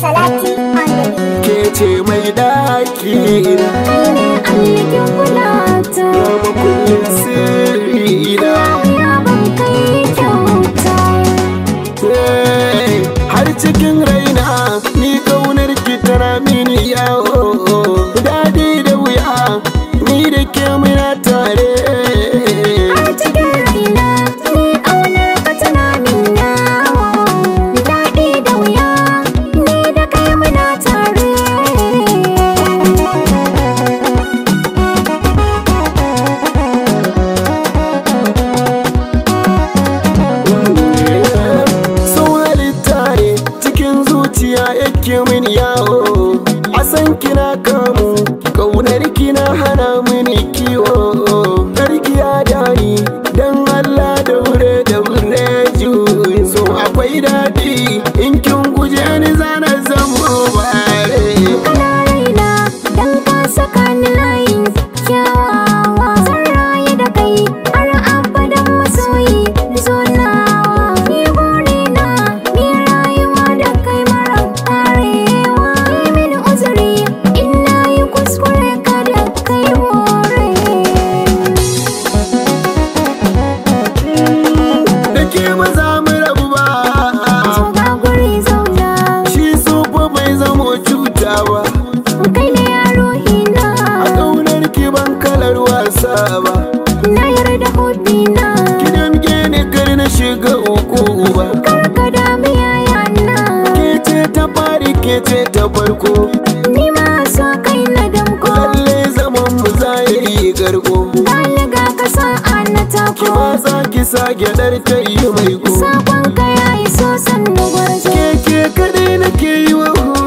salati Ke ce mai daki ina Annabi kulata Ya ban kai kyauta eh, Har cikin raina ni kaunar ki tana mini yawo na san kina kamo kaunar kina hana mini kiwo karki ya dani dan Allah da hure da so akwai dadi ta fari ke ce ta farko ni ma so kai na damko lalle zaman mu zahiri garko balaga ka sa an ta ko ba za ki sa gyadar ta yi mai ko sakon ka yayi so sannu gwarzo ke ke kadai nake yi wa